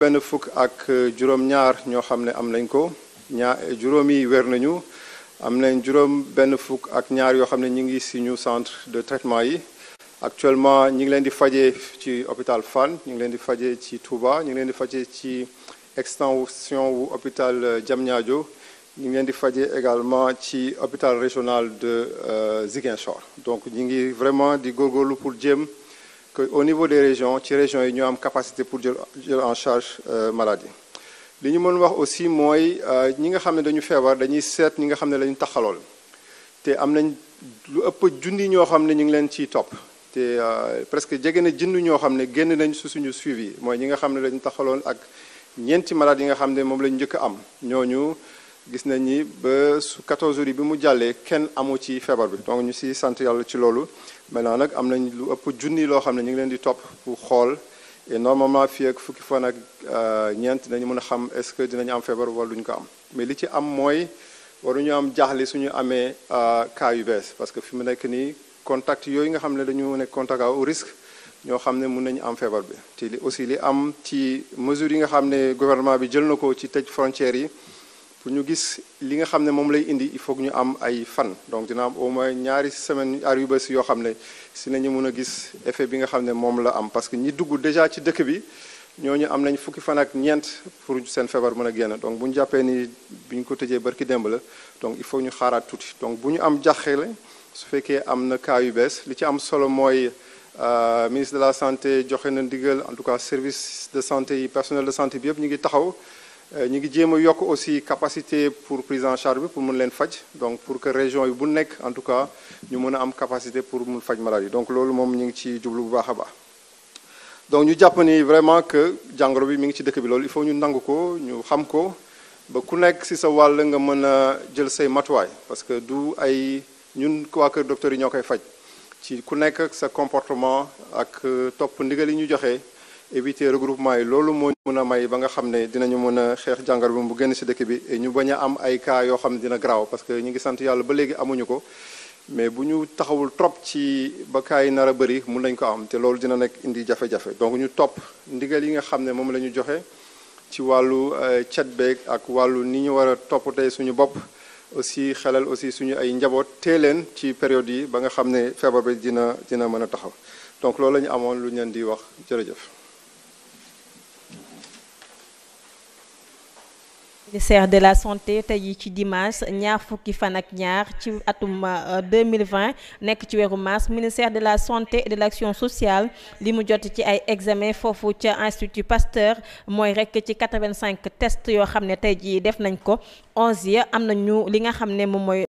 benn fukk ak euh, juróom-ñaar ñoo xam ne am nañ ko ñaar juróom yi wér nañu am nañ juróom benn fukk ak ñaar yoo xam ne ñu ngi si ñu centre de traitement yi actuellement ñu ngi leen di fajee ci hôpital fan ñu ngi leen di fajee ci Touba ñu ngi leen di fajee ci extension wu hôpital euh, Diamniadio ñu ngi leen di fajee également ci hôpital régional de euh, Ziguinchor donc ñu ngi vraiment di góorgóorlu pour jéem que au niveau des régions ci région yi ñoo am capacité pour jël jël en charge euh, maladie li ñu mën wax aussi mooy euh, ñi nga xam ne dañu feebar dañuy seet ñi nga xam ne la ñu te am nañ lu ëpp junni ñoo xam ne ñu ngi leen ciy topp te euh, presque jege na junni ñoo xam ne génn nañ su suñu suivi mooy ñi nga xam ne dañu taxaloon ak ñeenti malade yi nga xam ne moom la njëkk am ñooñu gis nañ ni ba su 14 jours yi bi mu jàllee kenn amu ci feebar bi donc ñu si sant yàlla ci loolu maintenant nag am nañ lu ëpp junni loo xam ne ñu ngi leen di topp pour xool et normalement fii ak fukki fan ak euh, ñeent dinañu mën a xam est-ce que dinañu am feebar wala duñu ko am mais li ci am mooy waruñu am jaaxle suñu amee euh, cas yu bees parce que fi mu nekk nii contact yooyu nga xam ne dañu nekk contact à risque ñoo xam ne mun nañu am feebar bi te li aussi li am ci mesure yi nga xam ne gouvernement bi jël na ko ci tëj frontières yi pour ñu gis li nga xam ne moom lay indi il faut ñu am ay fan donc dina am au moins ñaari semaine yu si yoo xam ne si nañu mën a gis effet bi nga xam ne moom la am parce que ñi dugg déjà ci dëkk bi ñooñu am nañ fukki fan ak ñeent pour seen feebar mën a génn donc bu ñu jàppee ni buñ ñu ko tëjee barki démb la donc il faut ñu xaaraat tuuti donc bu ñu am jaxele su fekkee am na cas yu bees li ci am solo mooy euh, ministre de la santé joxe na ndigal en tout cas service de santé yi personnel bi yëpp ñu ngi taxaw Euh, ñu ngi jéem a yokk aussi capacité pour prise en charge bi pour mun leen faj donc pour que région yi bu nekk en tout cas ñu mën a am capacité pour mun faj maladie donc loolu moom ñu ngi ci jublu bu baax a baax donc ñu jàpp ni vraiment que jàngoro bi mi ngi ci dëkk bi loolu il faut ñu nangu ko ñu xam ko ba ku nekk si sa wàll nga mën a jël say matuwaay parce que du ay ñun waa kër docteur yi ñoo koy faj ci ku nekk sa comportement ak euh, topp ndigal yi ñu joxe. éviter regroupement yi loolu moo mën a may ba nga xam ne dinañu mën a xeex jàngar bi mu génn si dëkk bi ñu bañ a am ay cas yoo xam ne dina garaaw parce que ñu ngi sant yàlla ba léegi amuñu ko mais bu ñu taxawul trop ci ba cas yi nar a bëri mun nañ ko am te loolu dina nekk indi jafe-jafe donc ñu topp ndigal yi nga xam ne moom la ñu joxe ci wàllu euh, cet beeg ak wàllu ni ñu war a tey suñu bopp aussi xelal aussi suñu ay njaboot tee leen ci période yi ba nga xam ne feebar bi dina dina mën a taxaw donc loolu la ñu amoon lu ñu leen di wax jërëjëf ministère de la santé tey jii ci dimanche ñaar fukki fan ak ñaar ci atum 2020 euh, nekk ci weeru mars ministère de la santé et de l'action sociale li mu jot ci ay examen foofu ca institut Pasteur mooy rek ci cinq tests yoo xam ne tey jii def nañ ko 11 ya am nañu li nga xam ne moom mooy